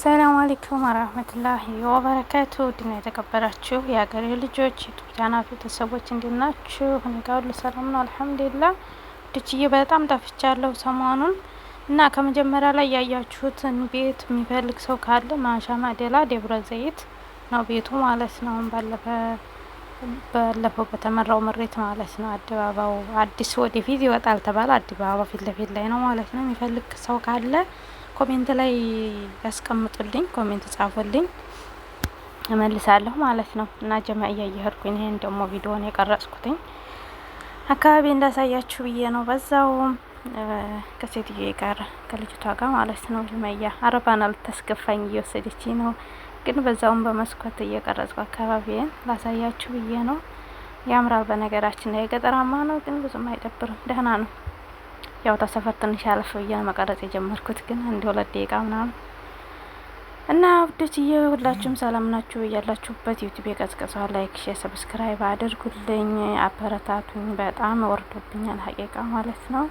ሰላም አሌይኩም ወራህመቱላሂ ወበረካቱ። ድና የተከበራችሁ የሀገሬ ልጆች የቱጃና ቤተሰቦች እንዴት ናችሁ? እኔ ጋር ሁሉ ሰላም ነው አልሐምዱሊላ። ድችዬ በጣም ጠፍቻለሁ ሰሞኑን እና ከመጀመሪያ ላይ ያያችሁትን ቤት የሚፈልግ ሰው ካለ ማሻ ማዴላ ደብረ ዘይት ነው ቤቱ ማለት ነው። ባለፈ ባለፈው በተመራው ምሬት ማለት ነው። አደባባው አዲስ ወደፊት ይወጣል ተባለ። አደባባው ፊት ለፊት ላይ ነው ማለት ነው። የሚፈልግ ሰው ካለ ኮሜንት ላይ ያስቀምጡልኝ፣ ኮሜንት ጻፉልኝ፣ እመልሳለሁ ማለት ነው። እና ጀማ እያየህርኩኝ ይሄን ደግሞ ቪዲዮን የቀረጽኩትኝ አካባቢ እንዳሳያችሁ ብዬ ነው። በዛውም ከሴትዮ ጋር ከልጅቷ ጋር ማለት ነው። ጅመያ አረባን አልተስገፋኝ እየወሰደች ነው፣ ግን በዛውም በመስኮት እየቀረጽኩ አካባቢን ላሳያችሁ ብዬ ነው። ያምራል። በነገራችን ላይ የገጠራማ ነው፣ ግን ብዙም አይደብርም፣ ደህና ነው። ያው ተሰፈር ትንሽ አለፍ ብዬ መቀረጽ የጀመርኩት ግን አንድ ሁለት ደቂቃ ምናምን እና ውዶችዬ ሁላችሁም ሰላም ናችሁ እያላችሁበት ዩቲዩብ የቀዝቀዘው ላይክ፣ ሼር፣ ሰብስክራይብ አድርጉልኝ፣ አበረታቱኝ። በጣም ወርዶብኛል ሀቂቃ ማለት ነው።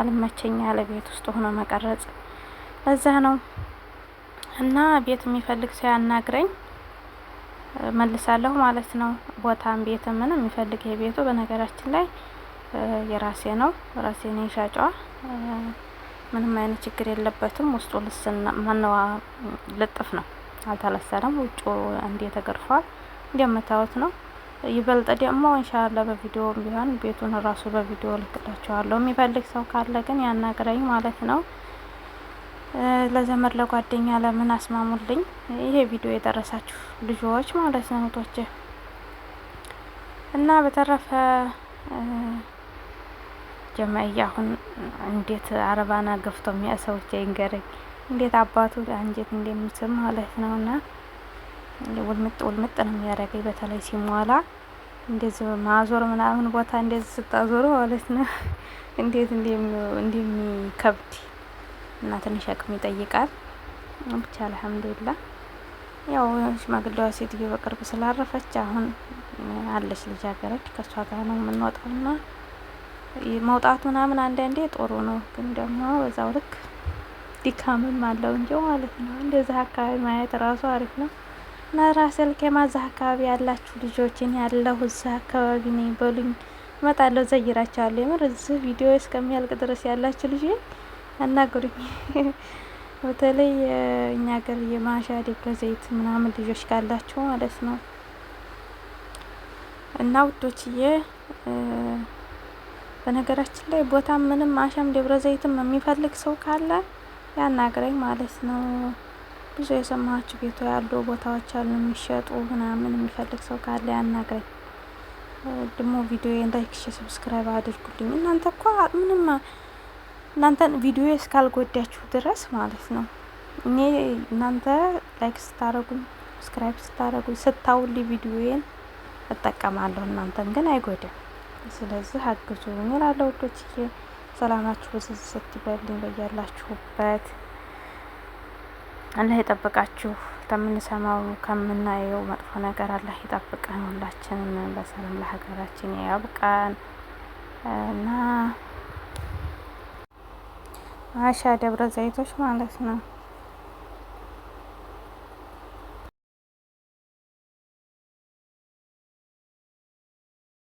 አልመቸኛ ለቤት ውስጥ ሆኖ መቀረጽ እዛ ነው እና ቤት የሚፈልግ ሰው ያናግረኝ መልሳለሁ ማለት ነው። ቦታም ቤት ምንም የሚፈልግ የቤቱ በነገራችን ላይ የራሴ ነው። ራሴ ነኝ ሻጯ። ምንም አይነት ችግር የለበትም። ውስጡ ልስና ማነዋ ልጥፍ ነው፣ አልተለሰለም። ውጩ እንዴ ተገርፏል፣ እንደምታዩት ነው። ይበልጥ ደግሞ ኢንሻአላ በቪዲዮ ቢሆን ቤቱን ራሱ በቪዲዮ ልክላችኋለሁ። የሚፈልግ ሰው ካለ ግን ያናግረኝ ማለት ነው። ለዘመድ ለጓደኛ ለምን አስማሙልኝ። ይሄ ቪዲዮ የደረሳችሁ ልጆች ማለት ነው እህቶቼ እና በተረፈ ጀማዬ አሁን እንዴት አረባና ገፍቶ የሚያሰዎች አይንገረኝ እንዴት አባቱ አንጀት እንደሚስብ ማለት ነው። እና ውልምጥ ውልምጥ ነው የሚያደርገኝ በተለይ ሲሟላ እንደዚህ ማዞር ምናምን ቦታ እንደዚህ ስታዞሩ ማለት ነው እንዴት እንደሚከብድ እና ትንሽ አቅም ይጠይቃል። ብቻ አልሐምዱሊላህ ያው ሽማግሌዋ ሴትዮ በቅርብ ስላረፈች አሁን አለች ልጃገረድ ከእሷ ጋር ነው የምንወጣውና መውጣቱ ምናምን አንዳንዴ ጥሩ ነው፣ ግን ደግሞ በዛው ልክ ድካምም አለው እንጂ ማለት ነው። እንደዚህ አካባቢ ማየት ራሱ አሪፍ ነው። እና ራሴ ልኬማ እዛ አካባቢ ያላችሁ ልጆችን ያለሁ እዛ አካባቢ ነኝ በሉኝ፣ እመጣለሁ፣ ዘይራቸዋለሁ። የምር እዚህ ቪዲዮ እስከሚያልቅ ድረስ ያላችሁ ልጅ አናግሩኝ። በተለይ እኛ ሀገር የማሻ ደብረ ዘይት ምናምን ልጆች ካላችሁ ማለት ነው እና ውዶችዬ በነገራችን ላይ ቦታ ምንም አሸም ደብረ ዘይትም የሚፈልግ ሰው ካለ ያናግረኝ ማለት ነው። ብዙ የሰማችሁ ቤቱ ያሉ ቦታዎች አሉ የሚሸጡ ምናምን የሚፈልግ ሰው ካለ ያናግረኝ። ደግሞ ቪዲዮ ላይክ፣ ሰብስክራይብ አድርጉልኝ። እናንተ እኮ ምንም እናንተን ቪዲዮ እስካልጎዳችሁ ድረስ ማለት ነው እኔ እናንተ ላይክ ስታደረጉኝ ሰብስክራይብ ስታደረጉኝ ስታውል ቪዲዮዬን እጠቀማለሁ። እናንተን ግን አይጎዳም። ስለዚህ አግዙ እላለሁ። ወዶችዬ ሰላማችሁ ብዝዝ ስትበልኝ በያላችሁበት አላህ ይጠብቃችሁ። ከምንሰማው ከምናየው መጥፎ ነገር አላህ ይጠብቀን። ሁላችንም በሰላም ለሀገራችን ያብቃን እና አሻ ደብረ ዘይቶች ማለት ነው።